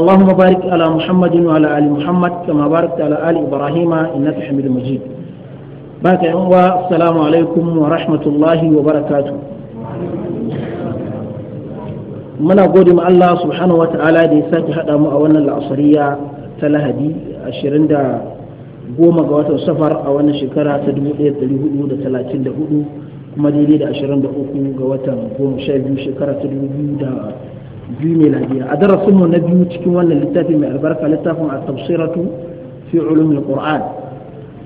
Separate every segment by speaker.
Speaker 1: اللهم بارك على محمد وعلى آل محمد كما باركت على آل إبراهيم إنك حميد مجيد بارك السلام عليكم ورحمة الله وبركاته muna gode ma Allah subhanahu wa ta'ala da ya sake haɗa mu a wannan la'asariya ta lahadi 20 da goma ga watan safar a wannan shekara ta 1434 kuma daidai da 23 ga watan goma sha biyu biyu miladiya a darasin mu na biyu cikin wannan littafin mai albarka littafin at-tafsiratu fi ulumul qur'an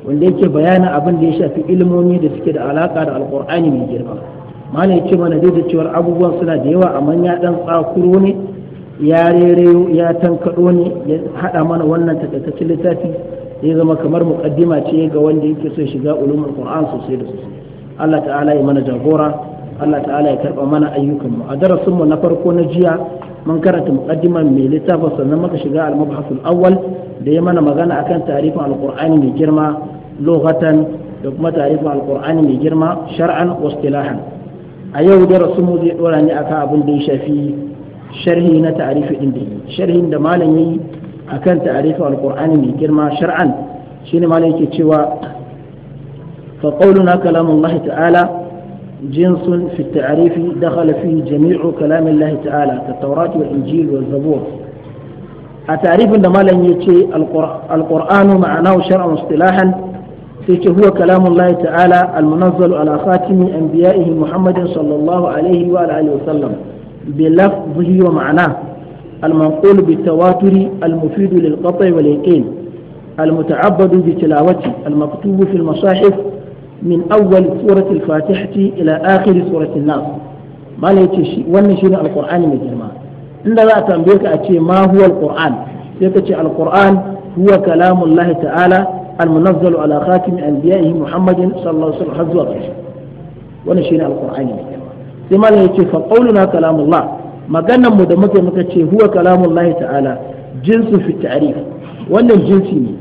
Speaker 1: wanda yake bayanin abin da ya shafi ilimomi da suke da alaka da alqur'ani mai girma mana yace mana dai da cewar abubuwan suna da yawa amma ya dan tsakuro ne ya rereyo ya tankado ne ya haɗa mana wannan takaitaccen littafi ya zama kamar muqaddima ce ga wanda yake so shiga ulumul qur'an sosai da sosai Allah ta'ala ya mana jagora Allah ta'ala ya karba mana ayyukan mu a darasin mu na farko na jiya mun karanta muqaddiman mai littafin sannan muka shiga al-mabhath awwal da ya mana magana akan tarifin al-Qur'ani mai girma lughatan da kuma tarifin al-Qur'ani mai girma shar'an wa istilahan a yau darasin mu zai dora ne akan abin da ya shafi sharhi na tarifi din da sharhin da malam yayi akan tarifin al-Qur'ani mai girma shar'an shine malam yake cewa fa qawluna kalamullahi ta'ala جنس في التعريف دخل فيه جميع كلام الله تعالى كالتوراة والإنجيل والزبور التعريف عندما لن يتي القرآن معناه شرعا واصطلاحا فيك هو كلام الله تعالى المنزل على خاتم أنبيائه محمد صلى الله عليه وعلى آله وسلم بلفظه ومعناه المنقول بالتواتر المفيد للقطع واليقين المتعبد بتلاوته المكتوب في المصاحف min awwal surati al-fatihati ila akhir surati an-nas mala yace shi wannan shine alqur'ani girma inda za a tambaye ka a ce ma huwa alqur'an sai ka ce alqur'an huwa kalamullahi ta'ala al-munazzalu ala khatimi anbiya'ihi muhammadin sallallahu alaihi wasallam zuwa ƙarshe wannan shine alqur'ani mai girma sai mala yace fa qawluna kalamullah maganan mu da muke maka ce huwa kalamullahi ta'ala jinsu fi ta'rif wannan jinsi ne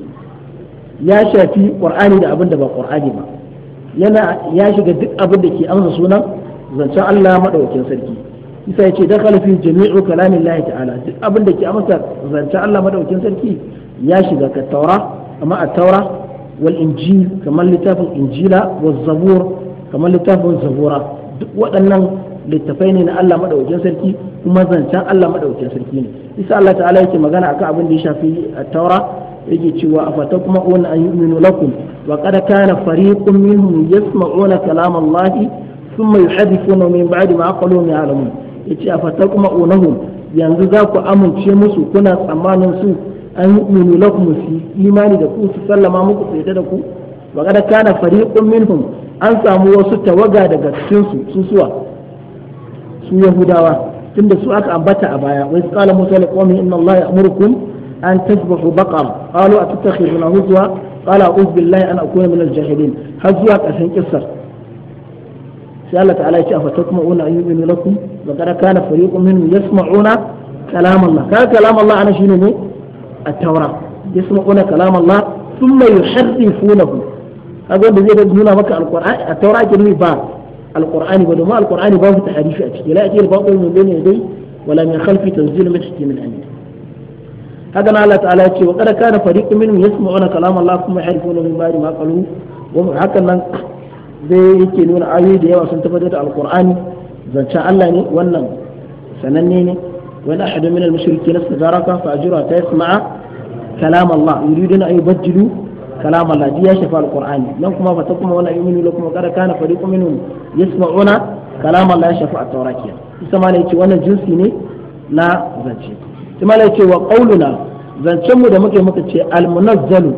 Speaker 1: ya shafi qur'ani da abin da ba ƙurani ba yana ya shiga duk abin da ke amsa sunan zancen Allah madaukakin sarki isa ya ce dakhala fi jami'u kalamin lahi ta'ala duk abin da ke amsa zancen Allah madaukakin sarki ya shiga ka taura amma a taura wal injil kamar littafin injila wa zabur kamar littafin zabura duk waɗannan littafai ne na Allah madaukakin sarki kuma zancen Allah madaukakin sarki ne isa Allah ta'ala yake magana akan abin da ya shafi taura yake cewa fata kuma una an yu'minu lakum wa kada kana fariqun minhum yasma'una kalam Allah thumma yuhadithuna min ba'di ma qalu ya'lamun yace fata kuma unahum yanzu za ku amince musu kuna tsammanin su an yi yu'minu lakum su imani da ku su sallama muku su da ku wa kada kana fariqun minhum an samu wasu tawaga daga cikin su su suwa su yahudawa tunda su aka ambata a baya wai qala musa liqawmi inna allaha ya'murukum أن تذبحوا بقرة قالوا أتتخذنا هزوا قال أعوذ بالله أن أكون من الجاهلين هزوا أسن كسر سألت الله تعالى يشاء فتطمعون أن يؤمن لكم وقد كان فريق منهم يسمعون كلام الله كان كلام الله أنا شنو التوراة يسمعون كلام الله ثم يحرفونه هذا الذي هنا لك القرآن التوراة جميل با القرآن يقول ما القرآن باب تحريف أجل لا يأتي باب من بين يدي ولا من خلفي تنزيل من من عندي haka na Allah ta'ala ce wa kada kana fariqun minhum yasma'una kalam Allah kuma yarifuna min ba'di ma qalu wa hakan nan zai yake nuna ayoyi da yawa sun tabbatar da alqur'ani zancen Allah ne wannan sananne ne wani ahadu min al na sadaraka fa ajra ta yasma'a kalam Allah yuriduna an yubaddilu kalam Allah ya shafa alqur'ani nan kuma fa ta takuma wala yu'minu lakum kada kana fariqun minhum yasma'una kalam Allah ya shafa at-tawrat isa ma ne ce wannan jinsi ne na zance sai malai ce wa qauluna zancen mu da muke muka ce al munazzalu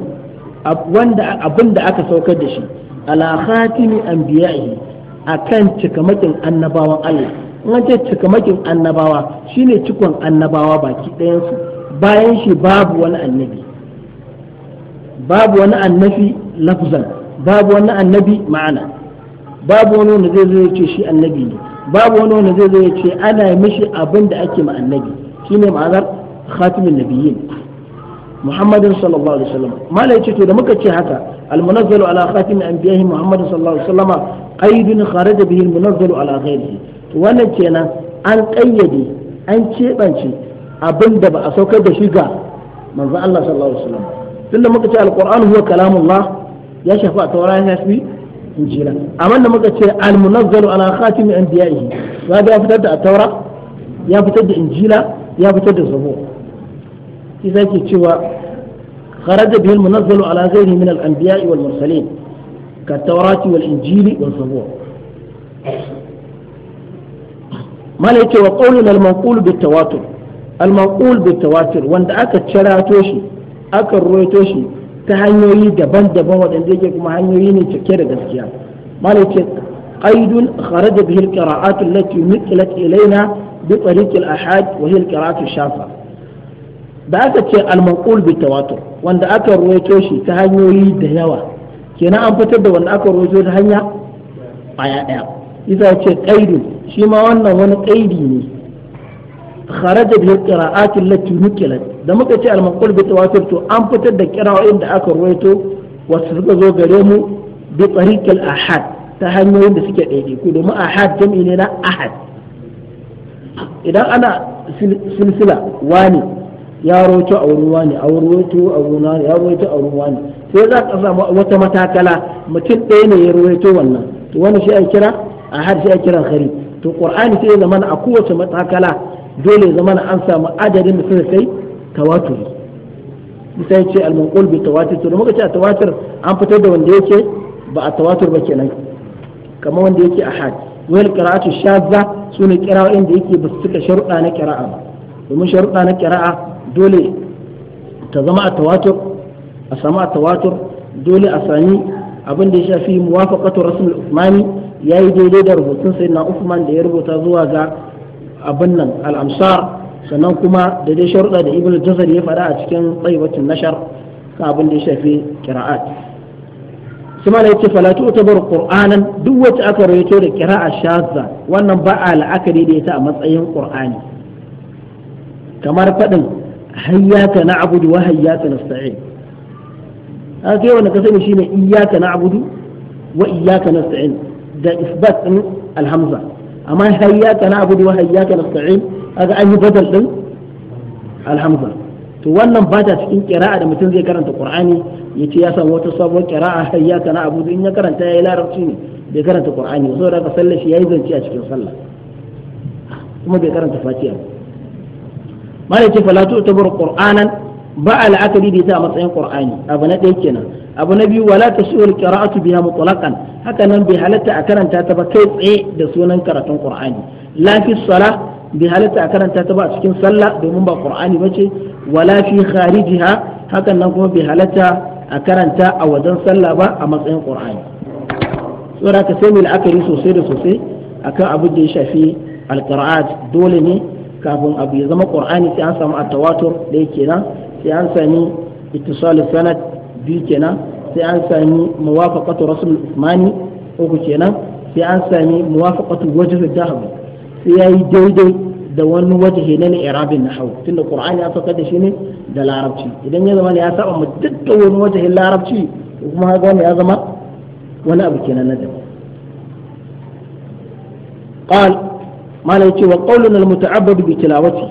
Speaker 1: wanda abin da aka saukar da shi ala khatimi a akan cikamakin annabawan Allah in an ce cikamakin annabawa shine cikon annabawa baki ɗayan su bayan shi babu wani annabi babu wani annabi lafzan babu wani annabi ma'ana babu wani wanda zai zo ya ce shi annabi ne babu wani wanda zai zo ya ce ana mishi abin da ake ma annabi shine ma'anar khatimin nabiyyin muhammadin sallallahu alaihi wasallam mala yace to da muka ce haka almunazzalu ala khatimi anbiyahi muhammadin sallallahu alaihi wasallam qaidun kharaja bihi almunazzalu ala ghairihi to wannan kenan an kayyade an cebance abin da ba a saukar da shi ga manzo Allah sallallahu alaihi wasallam da muka ce alquran huwa kalamullah ya shafi a tauran ya shafi injila amma da muka ce almunazzalu ala khatimi anbiyahi ya fitar da at-taura ya fitar da injila ya fitar da zabo isa ke cewa kharaja bihil munazzalu ala ghairi min al anbiya'i wal mursalin ka tawrati wal injili wal zabo mala wa qawlun al manqul bit tawatur al manqul bit tawatur wanda aka cirato shi aka ruwaito shi ta hanyoyi daban-daban waɗanda yake kuma hanyoyi ne cike da gaskiya mala yake qaidun kharaja bihi al qira'atu allati nuqilat ilaina بطريق الأحاد وهي القراءة الشافعة da aka ce al-maqul bi tawatur wanda aka ruwaito shi ta hanyoyi da yawa kenan an fitar da wanda aka ruwaito ta hanya aya daya isa ce qaidu shi ma wannan wani qaidi ne kharaja bi qira'ati allati nukilat da muka ce al-maqul bi tawatur to an fitar da qira'o'in da aka ruwaito wasu suka zo gare mu bi tariqil ahad ta hanyoyin da suke daidai daidaiku domin ahad jam'i ne na ahad idan ana silsila wani ya roto a wurin wani a roto a wurin wani ya roto a wurin wani sai za ka samu wata matakala mutum ɗaya ne ya roto wannan to wani shi a kira a har shi a kira hari to qur'ani sai ya zamana a kowace matakala dole ya zamana an samu adadin da suka kai tawaturi sai ce al munqul bi tawatur to muka ce a tawatur an fitar da wanda yake ba a tawatur ba kenan kamar wanda yake a hadis wal qira'atu shadza sune qira'o'in da yake ba su cika sharuɗa na qira'a ba domin sharuɗa na qira'a dole ta zama a tawatur a samu a tawatur dole a sami abin da ya shafi muwafaqatu rasul usmani yayi daidai da rubutun sayyidina usman da ya rubuta zuwa ga abin nan al-amsar sannan kuma da dai sharuɗa da ibnu jazari ya faɗa a cikin tsaiwatin nashar kan abin da ya shafi qira'at shi ma yace fala tu'tabaru qur'anan duk wacce aka rawaito da qira'a shazza wannan ba a la'akari da ita a matsayin qur'ani kamar fadin hayyaka na'budu wa hayyaka nasta'in haka wanda ka sani shine iyyaka na'budu wa iyyaka nasta'in da isbat din alhamza amma hayyaka na'budu wa hayyaka nasta'in kaga an yi badal din alhamza to wannan ba ta cikin kira'a da mutum zai karanta qur'ani ya ce ya samu wata sabuwar kira'a ya kana abu in ya karanta ya yi larabci ne bai karanta qur'ani so da ka sallar shi yi zance a cikin sallah kuma bai karanta fatiha ba malai ce fala tu'tabaru qur'anan ba la'akari da ita a matsayin qur'ani abu na ɗaya kenan abu na biyu wala tasuru qira'atu biha mutlaqan haka nan bai halatta a karanta ta ba kai tsaye da sunan karatun qur'ani la fi salah bai halatta a karanta ta ba a cikin sallah domin ba qur'ani ce. wala fi kharijiha hakan nan kuma bai halatta a karanta a wajen sallah ba a matsayin qur'ani saboda ka sai mu la'akari sosai da sosai akan abin da ya shafi alqira'at dole ne kafin abu ya zama qur'ani sai an samu at-tawatur da yake nan sai an sami ittisal sanad biyu kenan sai an sami muwafaqatu rasul usmani uku kenan sai an sami muwafaqatu wajh dahab sai yayi daidai da wani wajahi na irabin na hau tunda qur'ani ya saukar da shi ne da larabci idan ya zama ya saba mu dukkan wani wajahin larabci kuma haka wani ya zama wani abu kenan na daban qal malai ce wa qawlun al muta'abbadu bi tilawati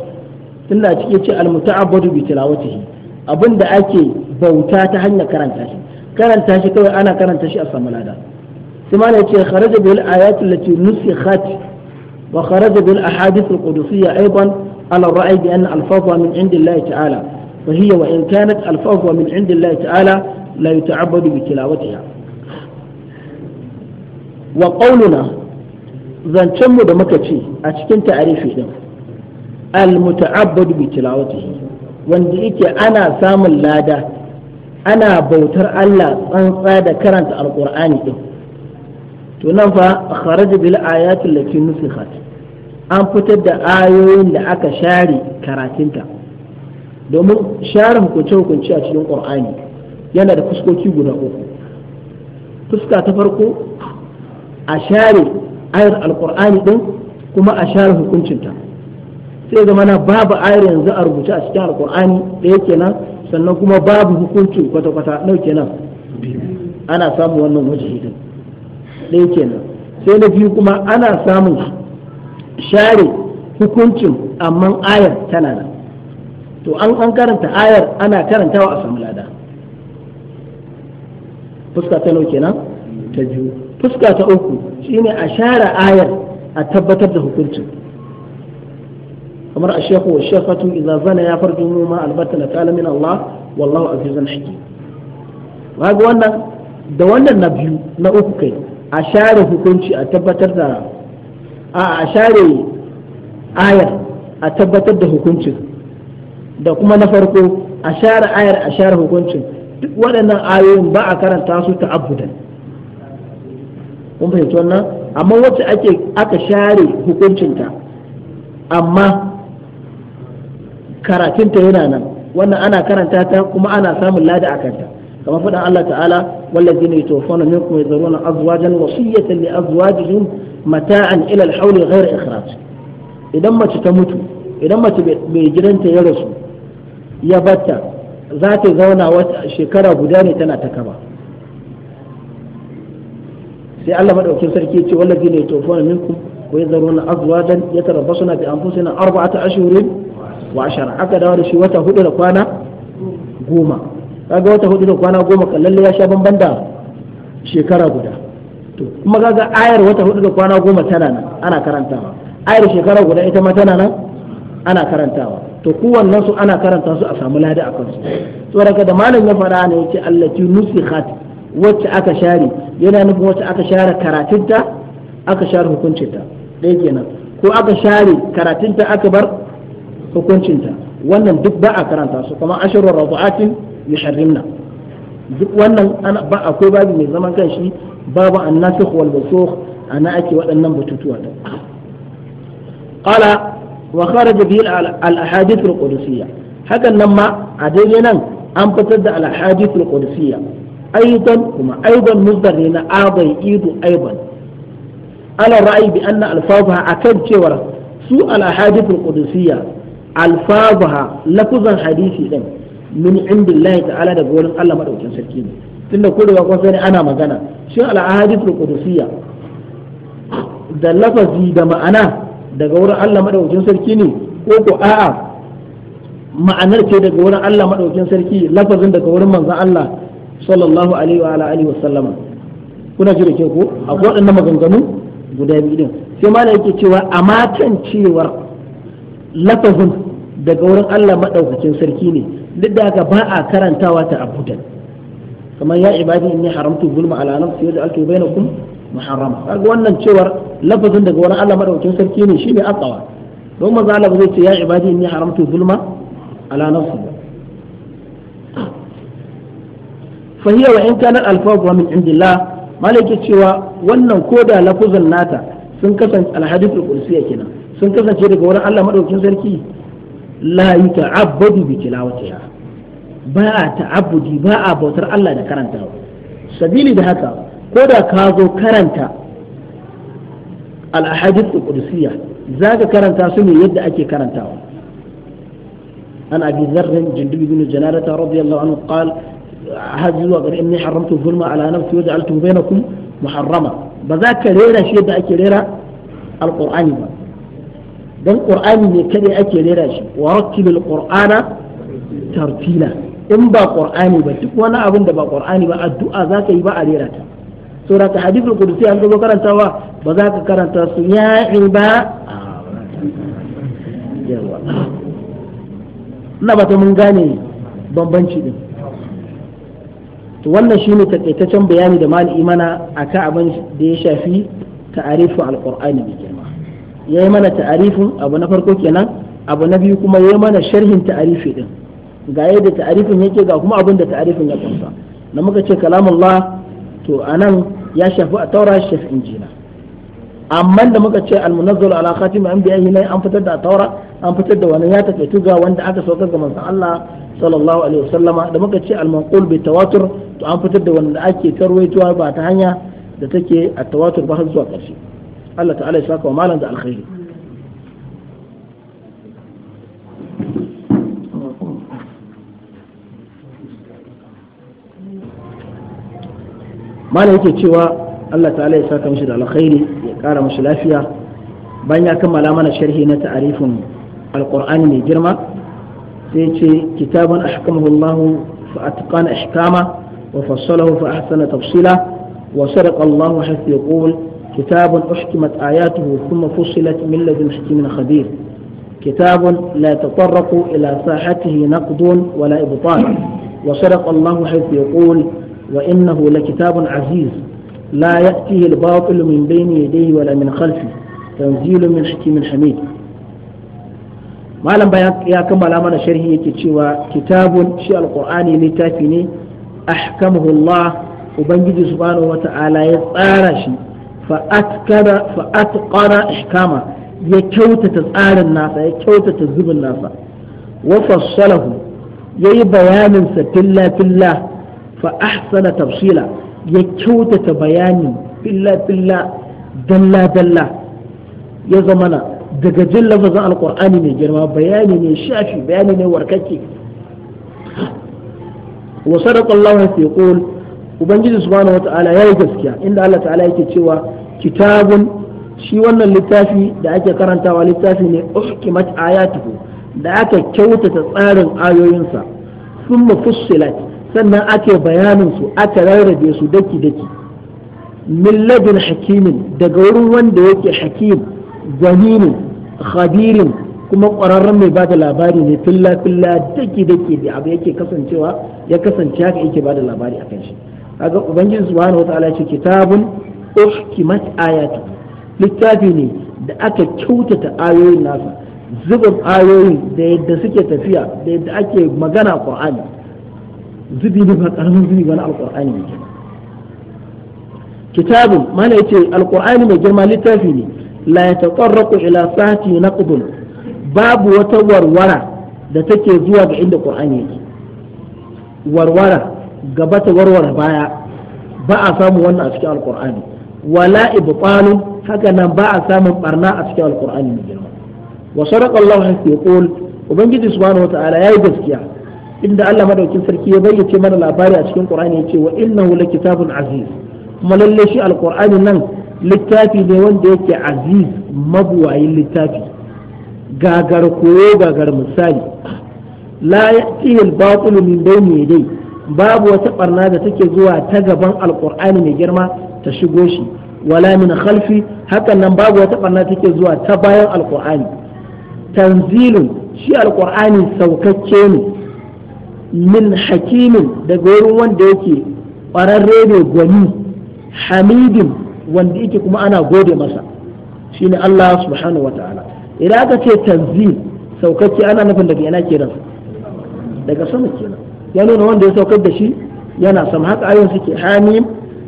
Speaker 1: tunda a cikin ce al muta'abbadu bi tilawatihi abinda ake bauta ta hanyar karanta shi karanta shi kawai ana karanta shi a samalada sai malai ce kharaja bil ayati allati nusikhat وخرج بالأحاديث القدسية أيضا على الرأي بأن الفضل من عند الله تعالى فهي وإن كانت الفضل من عند الله تعالى لا يتعبد بتلاوتها وقولنا zancenmu da muka ce a cikin ta'arifi din al-muta'abbadu bi tilawatihi wanda yake ana samun lada ana bautar Allah tsantsa da karanta alƙur'ani din to nan fa kharaj bil ayati lati nusikhat an fitar da ayoyin da aka share karatunta domin share hukunce hukunce a cikin qur'ani yana da fuskoki guda uku fuska ta farko a share ayar alqur'ani din kuma a share hukuncinta sai zama na babu ayar yanzu a rubuce a cikin alqur'ani ɗaya kenan sannan kuma babu hukuncin kwata-kwata nau nan. ana samun wannan waje hidin ɗaya kenan sai na biyu kuma ana samun share hukuncin amma ayar tana nan to an an karanta ayar ana karantawa a samu lada fuska ta nauke nan ta biyu fuska ta uku shine a share ayar a tabbatar da hukuncin kamar a shekhu wa shekhatu idza zana ya farjumu ma albatta na kala min Allah wallahu azizun hakim ga wannan da wannan na biyu na uku kai a share hukunci a tabbatar da a share ayar a tabbatar da hukuncin da kuma na farko a share ayar a share hukuncin duk waɗannan ayoyin ba a karanta su ta abudan kuma fahimci wannan amma wacce ake aka share hukuncinta amma karatunta yana nan wannan ana karanta ta kuma ana samun lada a kanta كما فدع الله ila والذين يتوفون منكم يذرون أزواجا وصية لأزواجهم متاعا إلى الحول غير إخراج إذا ما تتموت إذا ما بجرنت zauna يبتا shekara guda ne tana ta kaba sai Allah madaukakin sarki ce wallazi ne tofona minkum wa yadharuna azwajan yatarabbasuna bi anfusina arba'ata ashhurin wa ashara aka dawo da shi wata hudu da kwana goma kaga wata hudu da kwana goma kallalle ya sha bamban da shekara guda to kuma kaga ayar wata hudu da kwana goma tana nan ana karantawa ayar shekara guda ita ma tana nan ana karantawa to kowannen su ana karanta su a samu lada a kansu daga da malam ya fara ne yace allati nusikhat wacce aka share yana nufin wacce aka share karatunta aka share hukuncinta dai kenan ko aka share karatunta aka bar hukuncinta wannan duk ba a karanta su kuma ashirin rabu'atin yuharrimna duk wannan ba akwai babu mai zaman kanshi babu annasikh wal mansukh ana ake waɗannan batutuwa din qala wa kharaja bihi al ahadith al qudusiyya hakan nan ma a daidai nan an fitar da al ahadith al qudusiyya aidan kuma aidan musdar ne na abai idu aiban ala ra'ayi bi anna alfazaha akan cewar su al ahadith al qudusiyya alfazaha lafuzan hadisi din min indillahi ta'ala daga wurin Allah madaukin sarki ne tunda ko daga kun sani ana magana shi al-ahadithul qudusiyya da lafazi da ma'ana daga wurin Allah madaukin sarki ne ko ko a'a ma'anar ce daga wurin Allah madaukin sarki lafazin daga wurin manzon Allah sallallahu alaihi wa alihi wa sallama kuna ji da ke ko akwai waɗannan maganganu guda biyu din sai ma yake cewa a matan cewar lafazin daga wurin Allah maɗaukacin sarki ne duk da haka ba a karantawa ta abudan kamar ya ibadi inni haramtu zulma ala nafsi wa ja'altu bainakum muharrama kaga wannan cewar lafazin daga wurin Allah maɗaukacin sarki ne shine aqwa don maza Allah zai ce ya ibadi inni haramtu zulma ala nafsi fa hiya wa in kana alfaqwa min indillah malaki cewa wannan koda lafuzin nata sun kasance alhadithul qudsiyya kenan sun kasance daga wurin Allah madaukakin sarki la yuta'abbadu bi tilawatiha ba a ta'abbudi ba a bautar Allah da karanta sabili da haka ko da ka zo karanta al-ahadith al-qudsiyya zaka karanta su ne yadda ake karantawa an abi zarrin jindubi bin janarata radiyallahu anhu qala hajju wa qad inni haramtu zulma ala nafsi wa ja'altu bainakum muharrama ba za ka rera shi yadda ake rera alqur'ani ba dan ƙur'ani ne kadai ake rera shi wa rattilil qur'ana tartila in ba qur'ani ba duk wani abin da ba qur'ani ba addu'a zaka yi ba a rera ta saboda ka hadithul qudsi an zo wa ba za ka karanta su ya ba ina ba ta mun gane bambanci din to wannan shine takaitaccen bayani da mali imana akan abin da ya shafi ta'arifu alqur'ani bi girma ya yi mana ta'arifin abu na farko kenan abu na biyu kuma ya yi mana sharhin ta'arifi din ga yadda ta'arifin yake ga kuma abin da ta'arifin ya kunsa na muka ce kalamullah to anan ya shafi a taura shafi injila amma da muka ce almunazzal ala khatim anbiya'i ne an fitar da taura an fitar da wani ya tafi ga wanda aka saukar ga manzon Allah sallallahu alaihi wasallama da muka ce almanqul bi tawatur to an fitar da wanda ake tarwaitowa ba ta hanya da take a tawatur ba har zuwa ƙarshe Allah ta'ala ya saka wa malam da alkhairi malam yake cewa Allah ta'ala ya saka mishi da alkhairi ya kara mishi lafiya bayan ya kammala mana sharhi na ta'arifin alkur'ani mai girma sai ce kitabun ahkamahu Allah fa atqana ahkama wa fassalahu fa ahsana tafsila wa sadaqa Allah hafi yaqul كتاب أحكمت آياته ثم فصلت من لدن حكيم خبير كتاب لا يتطرق إلى ساحته نقد ولا إبطال وصدق الله حيث يقول وإنه لكتاب عزيز لا يأتيه الباطل من بين يديه ولا من خلفه تنزيل من حكيم حميد malam bayan ya kammala mana sharhi yake cewa kitabun shi alqur'ani littafi ne ahkamahu Allah ubangiji subhanahu wata'ala ya tsara shi fa atqara ihkama ya kyautata tsarin nasa ya kyautata zubin nasa wa fassalahu yayi bayanin sa filla filla fa ahsana tafsila ya kyautata bayani filla filla dalla dalla ya zamana daga jin lafazin Alƙur'ani mai girma bayani ne shafi bayani ne warkake wa sadaqa Allah fi ubangiji subhanahu ya yi gaskiya inda Allah ta'ala yake cewa kitabun shi wannan littafi da ake karantawa littafi ne uhkimat ayatuhu da aka kyautata tsarin ayoyinsa sun fussilat sannan ake bayanin su aka rarrabe su daki daki min ladin hakimin daga wurin wanda yake hakim zaninin khabirin kuma ƙwararren mai bada labari ne filla filla daki daki da abu yake kasancewa ya kasance haka yake bada labari kan shi kaga ubangiji subhanahu wataala ce kitabun uhkimat ayatu littafi ne da aka kyautata ayoyin nasa zubin ayoyin da yadda suke tafiya da yadda ake magana qur'ani zubi ne ba karamin zubi wani alqur'ani ne kitabun mana yace alqur'ani mai girma littafi ne la yataqarraqu ila sahti naqdun babu wata warwara da take zuwa ga inda qur'ani yake warwara gaba ta warware baya ba a samu wannan a cikin alkur'ani wala ibtalu haka nan ba a samun barna a cikin alkur'ani mai girma wa sadaqa Allahu haqqi yaqul ubangiji subhanahu ya yayi gaskiya inda Allah madaukin sarki ya bayyace mana labari a cikin qur'ani yace wa innahu lakitabun aziz kuma lalle shi alkur'ani nan littafi ne wanda yake aziz mabuwayin littafi gagar koyo gagar misali la ya'tihi al-batil min bayni yadayhi babu wata barna da take zuwa ta gaban alkur'ani mai girma ta shigo shi wala min khalfi hakan nan babu wata barna take zuwa ta bayan alkur'ani tanzilun shi alkur'ani saukakke ne min hakimin daga wurin wanda yake ƙwararre ne gwani hamidin wanda yake kuma ana gode masa shine Allah subhanahu wa ta'ala idan aka ce tanzil saukakke ana nufin daga yana kenan daga sama kenan ya nuna wanda ya saukar da shi yana sam haka ayon suke hamim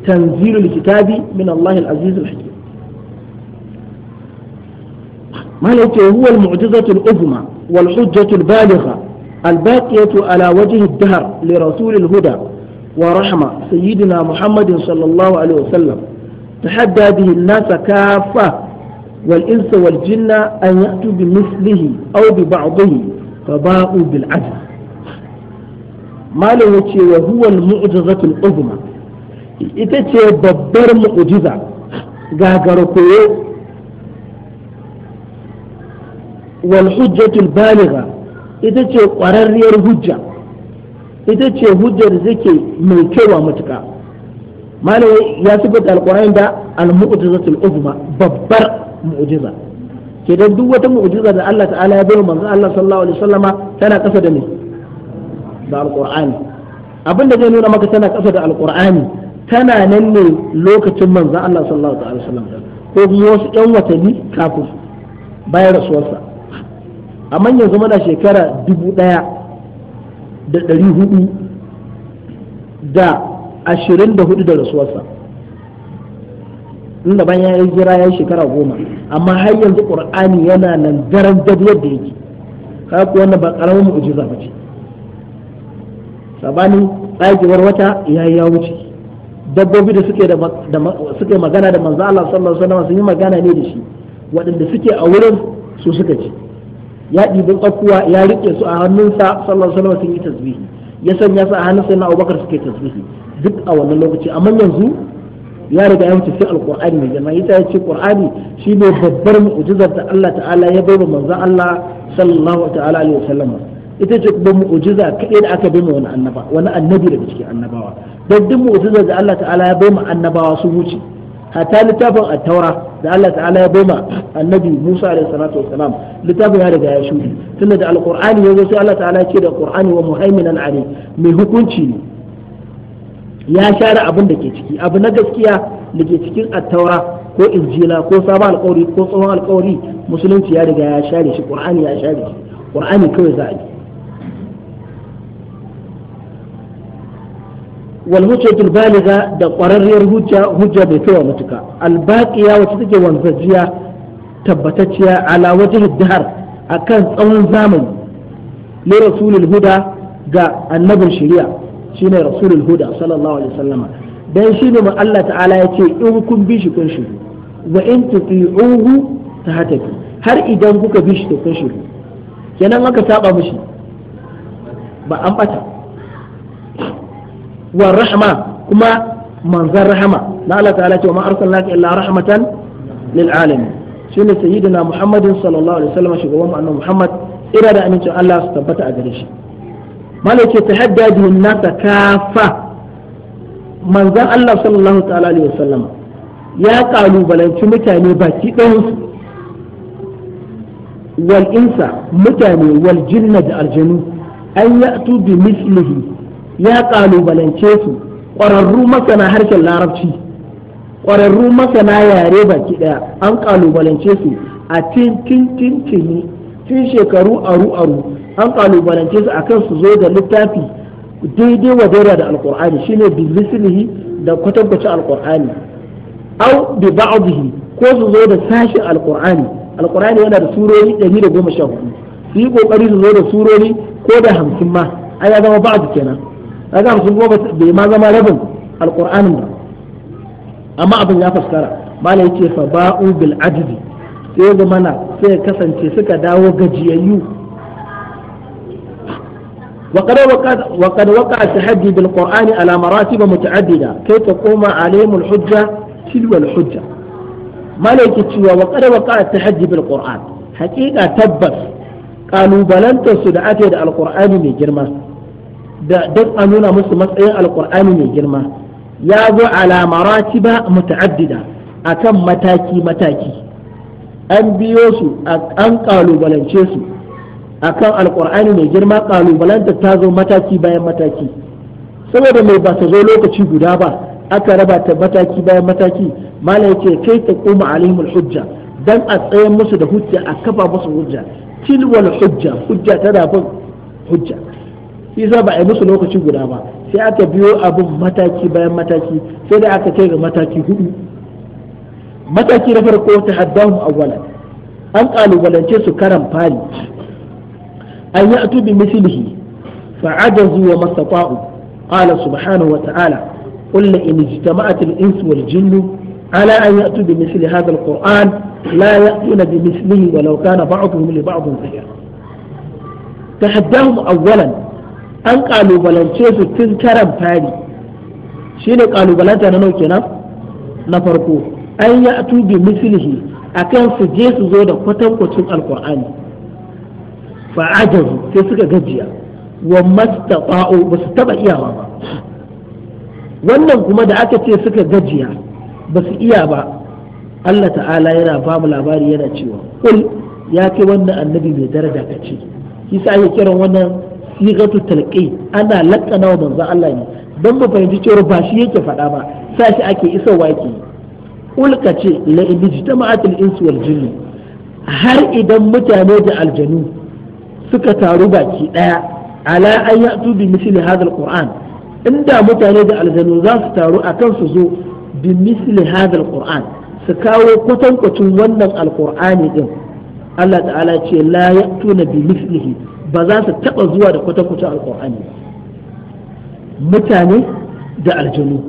Speaker 1: tanzilul kitabi min Allah al-aziz al-hakim malaka huwa al-mu'tazatu al-ubma wal-hujjatu al-baligha al-baqiyatu ala wajihi ad-dahr li rasul al-huda wa rahma sayyidina muhammadin sallallahu alaihi wasallam tahadda bihi kafa wal-insa wal-jinna an ya'tu bi mithlihi aw bi ba'dihi malin ya ce wa huwa mu'jizatul uzma ita ce babbar mu'jiza gagara koyo wal hujjatul baligha ita ce ƙwararriyar hujja ita ce hujjar zake mai kyau matuka malin ya tabbata alqur'ani da al mu'jizatul uzma babbar mu'jiza kidan duk wata mu'jiza da Allah ta'ala ya bayar manzo Allah sallallahu alaihi wasallama tana kasa da ni da alkur'ani abinda zai nuna maka tana kasa da alkur'ani tana nan ne lokacin manzon Allah sallallahu alaihi wasallam ko kuma wasu ɗan watanni kafin bayan rasuwarsa amma yanzu muna shekara dubu ɗaya da ɗari hudu da ashirin da hudu da rasuwarsa inda bayan ya jira ya shekara goma amma har yanzu ƙur'ani yana nan daren dab yadda yake haka wannan ba ƙaramin mu'ujiza ba ce sabanin tsagewar wata yayi ya wuce dabbobi da suke da suke magana da manzo Allah sallallahu alaihi wasallam sun yi magana ne da shi waɗanda suke a wurin su suka ci ya ɗibin tsakuwa ya riƙe su a hannunsa sallallahu alaihi wasallam sun yi tasbihi ya sanya su a hannunsa na Abubakar suke tasbihi duk a wannan lokaci amma yanzu ya riga ya wuce sai alqur'ani mai jama'a yasa ya ce qur'ani shine babbar mu'jizar da Allah ta'ala ya bai wa manzo Allah sallallahu ta'ala alaihi wasallam ita ce kuma mu'ujiza kaɗai da aka baima ma wani annaba wani annabi daga cikin annabawa don duk mu'ujiza da Allah ta'ala ya bai annabawa sun wuce hatta littafin at-taura da Allah ta'ala ya bai ma annabi Musa alaihi salatu littafin ya riga ya shuɗe tunda da alqur'ani yazo sai Allah ta'ala ya ce da qur'ani wa muhaiminan ali mai hukunci ne ya share abin da ke ciki abu na gaskiya da ke cikin at-taura ko injila ko sabon alƙawari ko tsohon alƙawari musulunci ya riga ya share shi qur'ani ya share shi qur'ani kawai za a yi wal hujjatul da ƙwararriyar hujja hujja bai kai wa mutuka albaqiya wacce take wanzajiya tabbatacciya ala wajhi A kan tsawon zamani li rasulul huda ga annabin shari'a shine rasulul huda sallallahu alaihi wasallama dan shine mu Allah ta'ala yace in kun bi shi kun shiru wa in tuti'uhu tahtaki har idan kuka bi shi to kun shiru kenan aka saba mishi ba an ɓata. wa rahma kuma manzan rahama na Allah ta'ala ce wa illa rahmatan lil alamin shine sayyidina Muhammadin sallallahu alaihi wasallam shugaban Muhammad ira da amincin Allah tabbata a gare shi malaka tahaddadu an-nasa kafa manzan Allah sallallahu ta'ala alaihi wasallam ya kalubalanci mutane baki ɗayansu wal insa mutane wal jinna da aljanu an ya'tu bi ya ƙalubalance su ƙwararru masana harshen larabci ƙwararru masana yare baki ɗaya an ƙalubalance su a tin tun shekaru aru aru an ƙalubalance su akan su zo da littafi daidai wa daidai da alƙur'ani shine bilisilihi da kwatankwacin alƙur'ani au bi ba'dihi ko su zo da sashen alƙur'ani alƙur'ani yana da surori 114 su yi ƙoƙari su zo da surori ko da hamsin ma ai ya zama ba'd kenan kaga sun goma bai ma zama rabin alqur'anin ba amma abin ya fuskara malai yace fa ba'u bil ajdi sai ga mana sai kasance suka dawo gajiyayyu wa qad wa qad waqa tahaddi bil qur'ani ala maratib mutaaddida kai ta koma alimul hujja tilwa al hujja malai ke cewa wa qad waqa tahaddi bil qur'an haqiqa tabbas kalubalantar su da ake da alqur'ani mai girma da duk a nuna musu matsayin alkur'ani mai girma ya zo ala maratiba muta'addida akan mataki mataki an biyo su an kalubalance su akan alkur'ani mai girma kalubalanta ta zo mataki bayan mataki saboda mai ba ta zo lokaci guda ba aka raba ta mataki bayan mataki malai ce kai ta kuma alimul hujja dan a tsayen musu da hujja a kafa musu hujja tilwal hujja hujja tana bin hujja isa ba a yi musu lokaci guda ba sai aka biyo abin mataki bayan mataki sai dai aka kai ga mataki hudu mataki na farko ta haddahum awwalan an kalubalance su karan fari an yi atu bi mislihi fa ajazu wa mastata'u qala subhanahu wa ta'ala qul la in ijtama'at al-insu wal jinnu على أن يأتوا بمثل هذا bi mislihi يأتون بمثله ولو كان بعضهم لبعض ظهيرا تحداهم أولا an kalubalance su tun karan fari shi ne kalubalanta na nauke nan na farko an yi tubi bi a akan su je su zo da kwatankwacin alkur'ani fa'ajazu sai suka gajiya wa mastata'u ba su taba iyawa ba wannan kuma da aka ce suka gajiya ba su iya ba Allah ta'ala yana ba mu labari yana cewa kul ya kai wannan annabi mai daraja ka ce kisa ake kiran wannan sigatu talqi ana lakkana wa manzo Allah ne dan ba fahimci cewa ba shi yake faɗa ba sai shi ake isa yake ulka ce la ibijtama'atul insu wal jinni har idan mutane da aljanu suka taru baki daya ala an ya'tu bi misli hadha alquran inda mutane da aljanu za su taru akan su zo bi misli hadha alquran su kawo kwatankwacin wannan alqur'ani din Allah ta'ala ce la ya'tuna bi mislihi ba za su taɓa zuwa da kwata-kwata alƙur'ani mutane da aljanu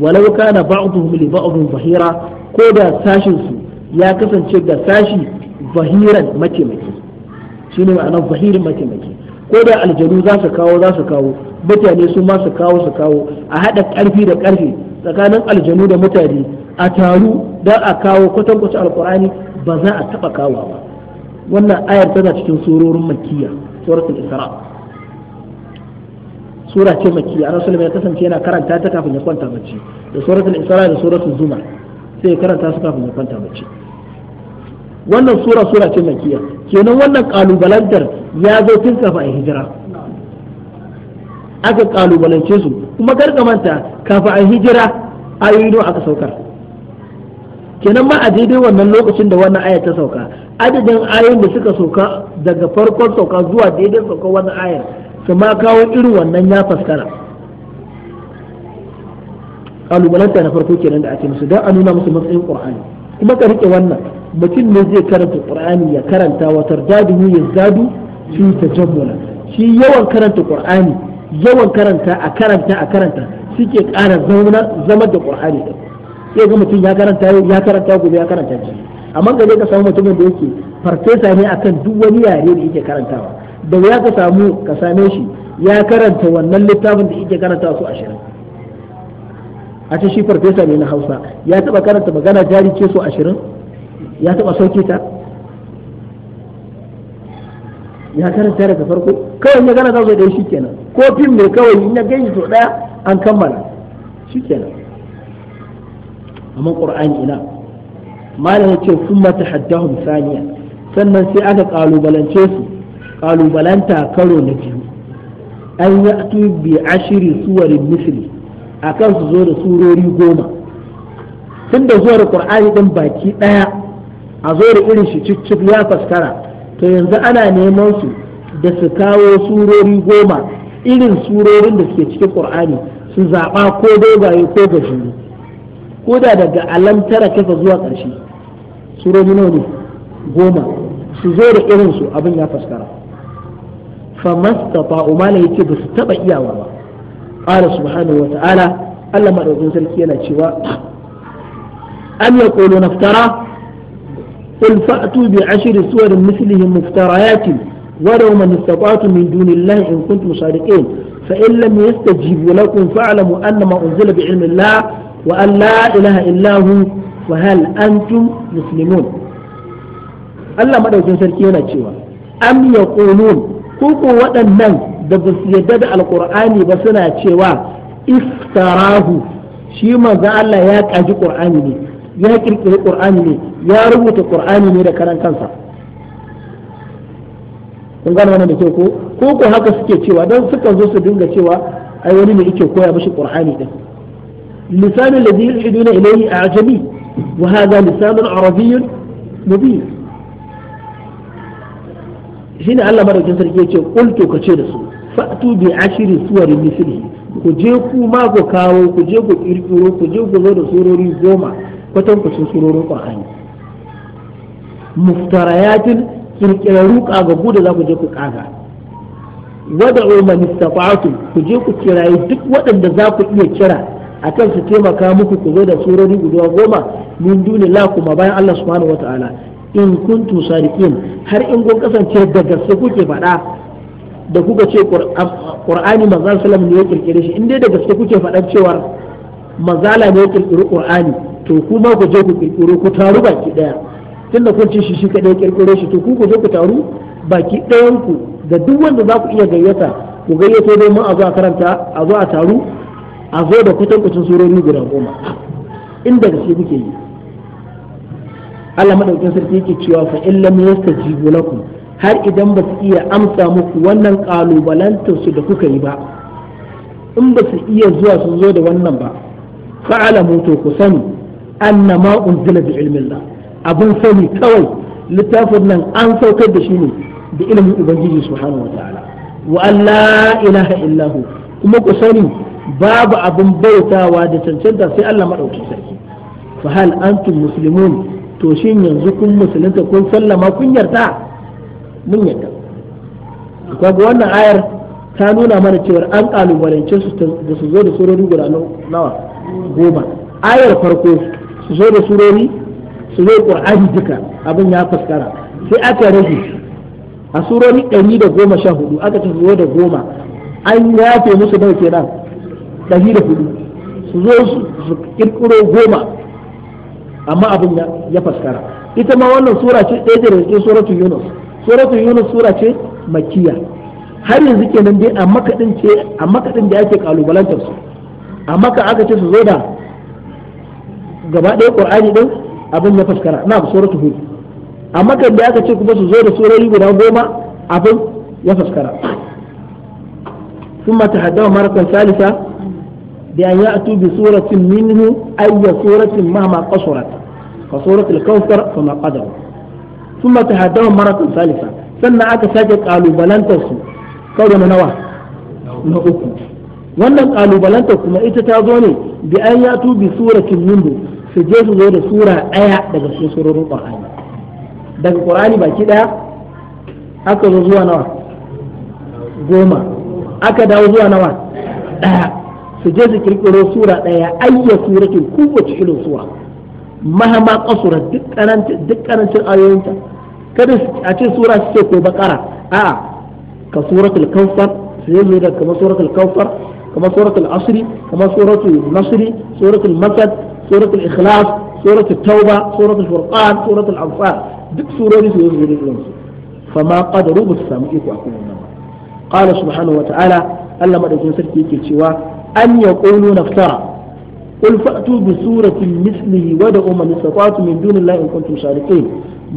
Speaker 1: walau kana ba'dhum li ba'dhin zahira ko da sashin su ya kasance da sashi zahiran mataimaki shine ma'anar zahirin mataimaki ko da aljanu za su kawo za su kawo mutane su ma su kawo su kawo a haɗa ƙarfi da ƙarfi tsakanin aljanu da mutane a taru don a kawo kwatankwacin alkur'ani ba za a taɓa kawo ba wannan ayar tana cikin sororin Makiya. سورة الإسراء سورة تمكي أنا a yana karanta ta kafin ya kwanta bacci da suratul isra da suratul zuma sai karanta kwanta wannan sura sura ce kenan wannan kalubalantar ya zo tun kafin a hijira aka kalubalance su kuma gargamanta kafin a hijira ayoyi aka saukar kenan ma a daidai wannan lokacin da wannan ayar ta sauka adadin ayoyin da suka sauka daga farkon sauka zuwa daidai sauka wannan ayar su ma kawo irin wannan ya faskara kalubalanta na farko kenan da ake musu don a nuna musu matsayin qur'ani kuma ka rike wannan mutum ne zai karanta qur'ani ya karanta wa tardadu ya zadu ta tajammula shi yawan karanta qur'ani yawan karanta a karanta a karanta suke ƙara zama da qur'ani din sai ga mutum ya karanta ya karanta gobe ya karanta ji amma ka ka samu mutumin da yake farfesa ne akan duk wani yare da yake karantawa da ya ka samu ka same shi ya karanta wannan littafin da yake karanta su ashirin a ce shi farfesa ne na hausa ya taba karanta magana jari ce su ashirin ya taba sauke ta ya karanta daga farko kawai ya gana zai su da shi kenan ko fim ne kawai in ya gaishe to daya an kammala shi kenan amma qur'ani ina malam yace mata tahaddahum saniya sannan sai aka kalubalance su kalubalanta karo na biyu an ya'tu bi ashiri suwarin misli akan su zo da surori goma tun da zuwa da qur'ani din baki daya a zo da irin shi ya faskara to yanzu ana neman su da su kawo surori goma irin surorin da suke cikin qur'ani su zaɓa ko dogaye ko gajiyayyu ko da daga alam tara kafa zuwa ƙarshe surori nawa goma su zo da irin su abin ya faskara fa mastafa umala yace ba su taba iyawa ba qala subhanahu wata'ala Allah madaukakin sarki yana cewa am yaqulu naftara قل فأتوا بعشر سور مثله مفتريات ولو من استطعتم من دون الله إن كنتم صادقين فإن لم يستجيبوا لكم فاعلموا أن أنزل بعلم الله وأن لا إله إلا هو وهل أنتم مسلمون الله ما دوجين سركي yana cewa am yaqulun ko ko waɗannan da ba su da alqur'ani ba suna cewa iftarahu shi manzo Allah ya kaji qur'ani ne ya kirkiri qur'ani rubuta qur'ani ne da karan kansa kun da ke ko ko haka suke cewa dan suka zo su dinga cewa ai wani ne yake koya mishi qur'ani din اللسان الذي allah إليه أعجمي وهذا لسان عربي مبين هنا الله مرة جنسر يقول قلت كتير سوء فأتوا بعشر سور مثله ku je ku ma kawo ku je ku kirkiro ku je ku zo da surori goma kwatan ku sun surorin ƙwahani muftarayatin kirkirarru ƙagagu da za ku je ku ƙaga wada'u man istata'tum ku je ku kirayi duk waɗanda zaku iya kira a kan su taimaka muku ku zo da surori guda goma min duni la kuma bayan Allah subhanahu wataala in kuntu sadiqin har in kun kasance da gaske kuke faɗa da kuka ce qur'ani manzon sallam ne ya kirkire shi in dai da gaske kuke faɗa cewa mazala ne ya kirkiri qur'ani to kuma ku je ku kirkiro ku taru baki daya tunda kun ce shi shi kadai kirkire shi to ku ku je ku taru baki dayan ku da duk wanda za ku iya gayyata ku gayyato domin a zo a karanta a zo a taru a zo da kwatankwacin surori guda goma inda gaske kuke yi Allah madaukakin sarki yake cewa fa in lam yastajibu lakum har idan ba su iya amsa muku wannan kalubalantar su da kuka yi ba in ba su iya zuwa sun zo da wannan ba fa'ala to ku sani anna ma unzila bi ilmillah abin sani kawai littafin nan an saukar da shi ne da ilimin ubangiji subhanahu wa ta'ala wa alla ilaha illahu kuma ku sani babu abin bautawa da cancanta sai Allah maɗauki sarki fa hal antum muslimun to shin yanzu kun musulunta kun sallama kun yarda mun yarda ga wannan ayar ta nuna mana cewa an kalubalance su da su zo da surori guda nawa goma ayar farko su zo da surori su zo qur'ani duka abin ya fuskara sai aka rage a surori 114 aka ce zo da goma an yafe musu dau kenan ɗari da hudu su zo su kirkiro goma amma abin ya faskara ita ma wannan sura ce ɗaya da cikin suratu yunus suratu yunus sura ce makiya har yanzu kenan dai a makaɗin ce a makaɗin da ake kalubalantar su a maka aka ce su zo da gaba ɗaya qur'ani din abin ya faskara na suratu hud a makan da aka ce kuma su zo da surori guda goma abin ya faskara ثم تحدث مرة ثالثة بأن يأتوا بصورة منه أي صورة مهما قصرت كصورة الكوثر فما قدروا ثم تحداهم مرة ثالثة سنة أكساك قالوا بلن ترسوا من نواه نؤكم wannan kalubalanta kuma ita ta zo ne bi an ya tu suratin su je su zo da sura ɗaya daga cikin surorin qur'ani daga qur'ani baki ɗaya aka zo zuwa nawa goma aka dawo zuwa nawa ɗaya su je su kirkiro sura ɗaya ayya suratin kowace irin sura mahama kasura duk karancin ayoyinta kada a ce sura su ce ko bakara a'a ka suratul kawfar su yi zuwa kama suratul kawfar kama suratul asri kama suratul nasri suratul masad suratul ikhlas suratul tauba suratul furqan suratul anfar duk surori su yi zuwa irin su fama qadaru ba su samu iko a kuma wannan qala subhanahu wa ta'ala Allah madaukin sarki yake cewa an yaqulu naftara قل فأتوا بسورة مثله ودعوا من استطعتم من دون الله إن كنتم صادقين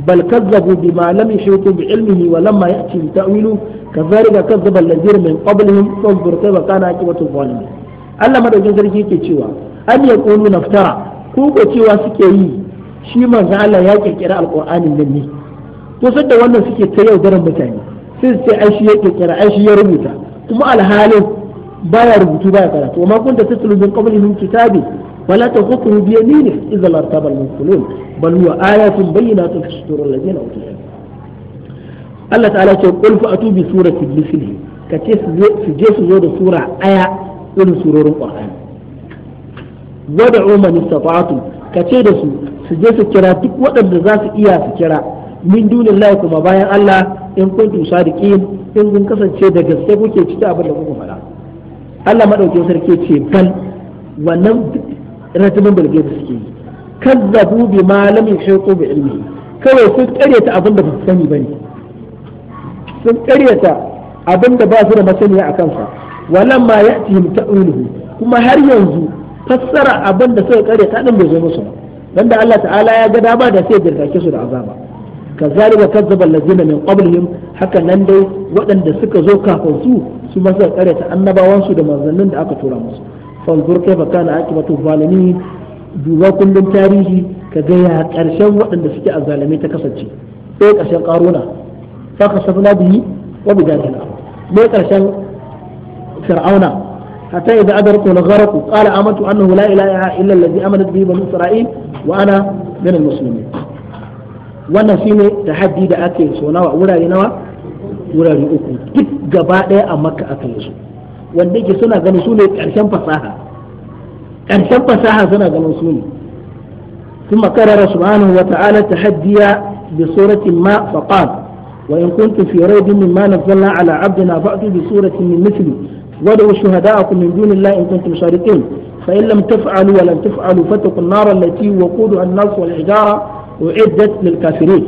Speaker 1: بل كذبوا بما لم يحيطوا بعلمه ولما يأتي تأويله كذلك كذب الذين من قبلهم فانظر كيف كان عاقبة الظالمين Allah madaukin sarki ke cewa an ya kulu naftara ko ko cewa suke yi shi manzo Allah ya kirkira alqur'anin na ne to da wannan suke ta yaudaran mutane sai su shi kirkira ai shi ya rubuta kuma alhalin baya rubutu baya karatu amma bin qabli min kitabi wala taqutu bi yaminih idza al-muslimun bal huwa ayatun bayyinatun fi sudur alladhina utul Allah ta'ala ce qul atu bi surati ka kace su je su zo da sura aya irin surorin qur'ani wad'u man ka kace da su su je su kira duk waɗanda za su iya su kira min dunin lahi kuma bayan Allah in kuntum sadiqin in kun kasance da gaske kuke cikin abin da kuka faɗa Allah madaukakin sarki ce bal wannan ratibin bilge da suke yi kazzabu bi malamin lam bi ilmi kawai sun karyata abin da ba su sani bane sun karyata abin da ba su da masaniya a kansa ya ya'tihim ta'wiluhu kuma har yanzu fassara abin da suka karyata din bai zo musu ba wanda Allah ta'ala ya ga dama da sai ya jirgake su da azaba kazari kazalika kazzaba allazina min qablihim haka nan dai waɗanda suka zo kafin su su ma suka ta annabawan su da manzannin da aka tura musu fanzur na kana aqibatu zalimin dubar kullun tarihi ka ga ya karshen waɗanda suke azzalame ta kasance sai karshen karuna fa kasabna bihi wa bidatil mai karshen fir'auna حتى إذا أدركه الغرق قال آمنت أنه لا إله إلا الذي آمنت به بنو إسرائيل وأنا من المسلمين wannan shi da ta haddi da ake so nawa wurare nawa uku duk gaba ɗaya a makka aka yi su wanda yake suna ganin su ne fasaha ƙarshen fasaha suna ganin su ne kuma karara subhanahu wa ta'ala ta haddiya bi suratin ma faqal wa in kuntum fi raydin min ma nazzalna ala abdina fa'tu bi suratin min mithli wa la shuhada'akum أعدت للكافرين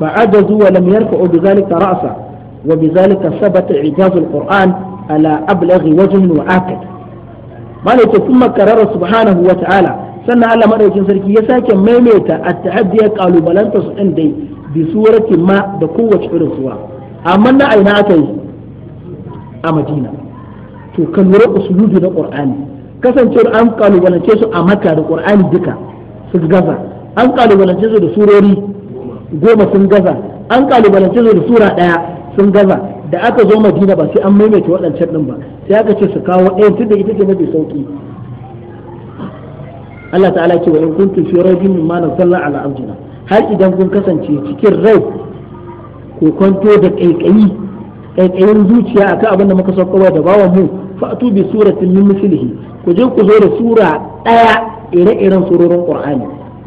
Speaker 1: فعجزوا ولم يرفعوا بذلك رأسا وبذلك ثبت إعجاز القرآن wajen أبلغ وجه وآكد malai ce kuma karara subhanahu wa ta'ala sannan Allah madaukin sarki ya sake maimaita at-tahaddi ya kalubalanta su din dai bi surati ma da kowace irin sura amma na aina aka yi a Madina to kan lura usulubi na Qur'ani kasancewar an kalubalance su a Makka da Qur'ani duka su gaza an kalubalance su da surori goma sun gaza an kalubalance su da sura daya sun gaza da aka zo madina ba sai an maimaita waɗancan ɗin ba sai aka ce su kawo ɗayan da ita ce mafi sauki Allah ta'ala ce wa in kuntum fi raibin mimma nazzalna ala abdina har idan kun kasance cikin rai ko kwanto da kaikayi kaikayin zuciya akan abin da muka saukowa da bawan mu fa'tu bi suratin min mislihi ku je ku zo da sura ɗaya ire-iren surorin qur'ani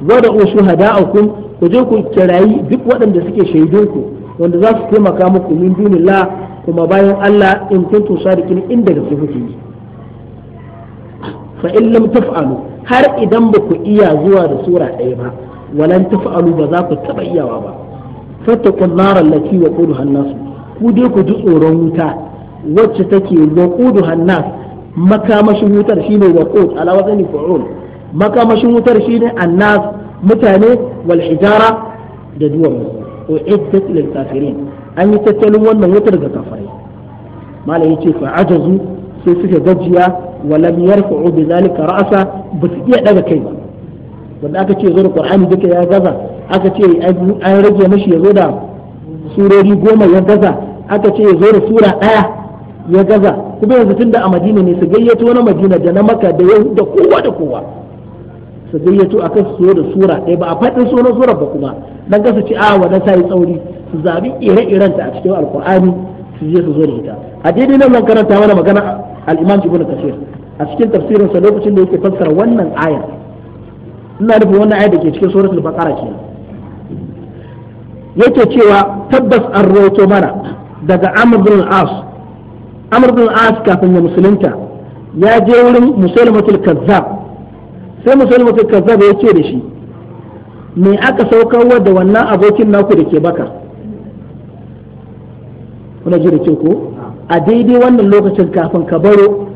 Speaker 1: wada o shuhada'akum ku je ku kirayi duk waɗanda suke shaidunku wanda za su taimaka muku min dunillah kuma bayan Allah in kuntum sadiqin inda gaske kuke yi fa in lam taf'alu har idan ba ku iya zuwa da sura ɗaya ba walan taf'alu ba za ku taba iyawa ba fattaqun nar allati waquduha an-nas ku je ku ji tsoron wuta wacce take waquduha an-nas makamashin wutar shine waqud ala fa'ul makamashin wutar shine annas mutane wal hijara da duwatsu ko iddat lil kafirin an yi tattalin wannan wutar ga kafirai malai yace fa ajazu sai suka gajiya wa lam yarfa'u bi zalika ra'sa ba su iya daga kai ba wanda aka ce zuwa qur'ani duka ya gaza aka ce an rage mashi ya zo da surori goma ya gaza aka ce ya zo da sura daya ya gaza kuma yanzu tunda a madina ne su gayyato na madina da na maka da yau da kowa da kowa su gayyato a kan su da sura ɗaya ba a faɗin sunan surar ba kuma dan gasa su ci a ah, wannan ta yi tsauri su zaɓi ire-iren ta a cikin alkur'ani su je su zo da ita a daidai nan zan karanta mana magana al-imam ibnu a cikin tafsirin sa lokacin da yake fassara wannan aya ina nufin wannan aya da ke cikin suratul baqara kenan yake cewa tabbas an rawaito mana daga amr bin as amr bin as kafin ya musulunta ya je wurin musulmatul kazzab sai musulmi ka kazzaba yake da shi me aka saukar da wannan abokin naku da ke baka kuna ji da ke ko a daidai wannan lokacin kafin ka baro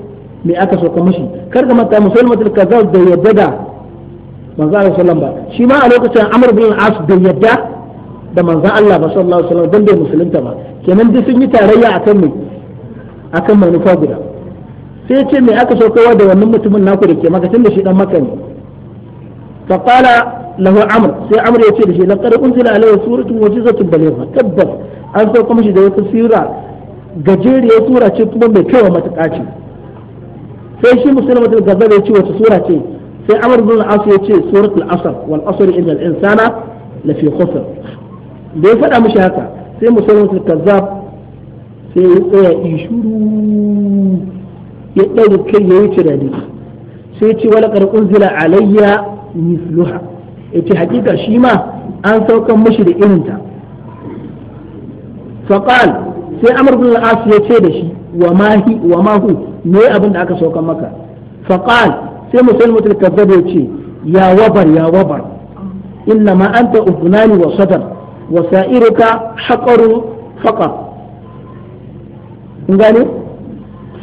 Speaker 1: me aka sauka mashi kar ka manta musulmatul kazzab da yadda da manzo Allah sallallahu ba shi ma a lokacin Amr bin al-As da yadda da manzo Allah ba sallallahu alaihi wasallam dan bai musulunta ba kenan duk sun yi tarayya akan me akan manufa guda sai ce me aka so kowa da wannan mutumin naku da ke maka tun da shi dan maka ne fa qala lahu amr sai amr ya ce da shi laqad unzila alayhi suratun wajizatun baligha tabbas an so kuma shi da wata sura gajeriyar sura ce kuma mai kaiwa matuƙa ce sai shi musulmatul gazal ya ce wata sura ce sai amr bin al-as ya ce suratul asr wal asr inna al-insana lafi khusr da ya faɗa mishi haka sai da kazzab sai ya tsaya ishuru ya ɗauri kai ya wuce da ni sai ce wala karkun zila alayya misluha ya ce hakika shi ma an saukan mashi da irinta faƙal sai amur bin al'as ya ce da shi wa mahi wa mahu me abin da aka saukan maka faƙal sai musulmatul kazzab ya ce ya wabar ya wabar inna ma anta ufnani wa sadar wa sa'iruka haƙarun faƙar kun gane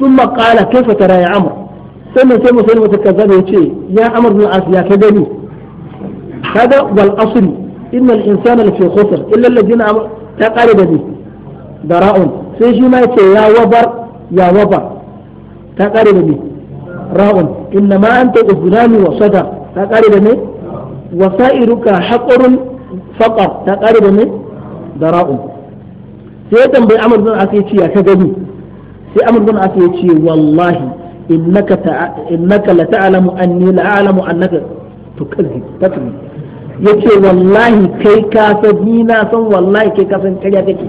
Speaker 1: ثم قال كيف ترى يا عمرو sannan sai musulmi ta kazzaba ya ce ya amur bin as ya gani kaga wal asli innal insana lafi khusr illa alladhina ta kare da ni dara'un sai shi ma yace ya wabar ya wabar ta kare da ni ra'un inna ma anta uzlami sada ta da ni ta da ni sai ya tambayi amur bin as ya gani sai amr bin as yace wallahi innaka innaka la ta'lamu anni la a'lamu annaka tukazzi takmi yace wallahi kai ka san ni na san wallahi kai ka san kariya kake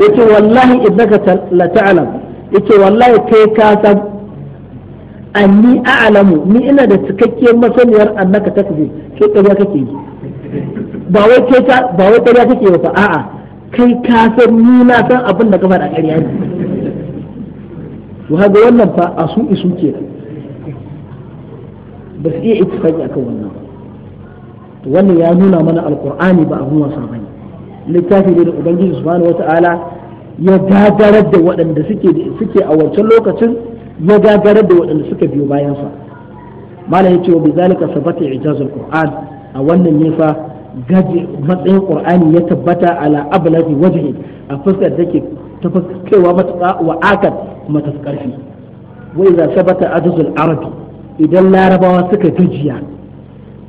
Speaker 1: yace wallahi innaka la ta'lam yace wallahi kai ka san anni a'lamu ni ina da cikakken masaniyar annaka takzi kai kariya kake yi ba wai kai ka ba wai kariya kake ba a'a kai ka san ni na san abin da ka faɗa kariya ne to haka wannan fa a su isu ke ba su iya ittifaki akan wannan to wannan ya nuna mana Alƙur'ani ba abun wasa bane littafi ne da ubangiji subhanahu wata'ala ya gagarar da waɗanda suke a wancan lokacin ya gagarar da waɗanda suka biyo bayansa malam yace wa bizalika sabata ijazul qur'an a wannan ne fa matsayin ƙur'ani ya tabbata ala ablaghi wajhi a fuskar take ta kaiwa matuƙa wa akan kuma ta ƙarfi wai za sabata ajizul arabi idan larabawa suka gajiya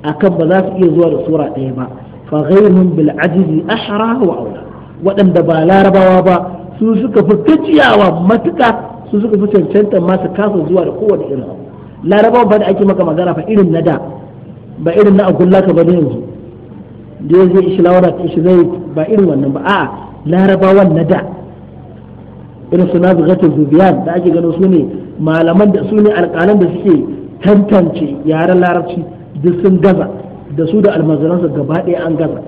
Speaker 1: akan ba za su iya zuwa da sura ɗaya ba fa ghayrun bil ajizi ashra wa aula waɗanda ba larabawa ba su suka fi gajiyawa matuƙa su suka fi cancanta masu kasa zuwa da kowane irin abu larabawa ba da ake maka magana fa irin na da ba irin na agulla ka ba yanzu da ya zai ishi lawara ta ishi zai ba irin wannan ba a'a larabawan na da irin su nabigatu zubiyan da ake gano su ne malaman da su ne alƙalan da suke tantance yaren larabci duk sun gaza da su da almazaransa gaba ɗaya an gaza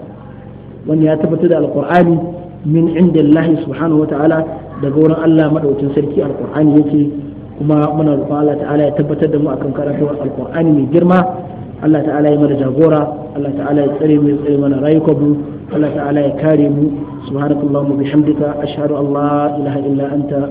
Speaker 1: wani ya tabbatar da alƙur'ani min indillahi subhanahu wa ta'ala daga wurin Allah maɗaukin sarki alƙur'ani yake kuma muna roƙon Allah ta'ala ya tabbatar da mu akan karatun alƙur'ani mai girma Allah ta'ala ya mana jagora Allah ta'ala ya tsare mu ya tsare mana rayukanmu Allah ta'ala ya kare mu subhanakallahumma bihamdika ashhadu an la ilaha illa anta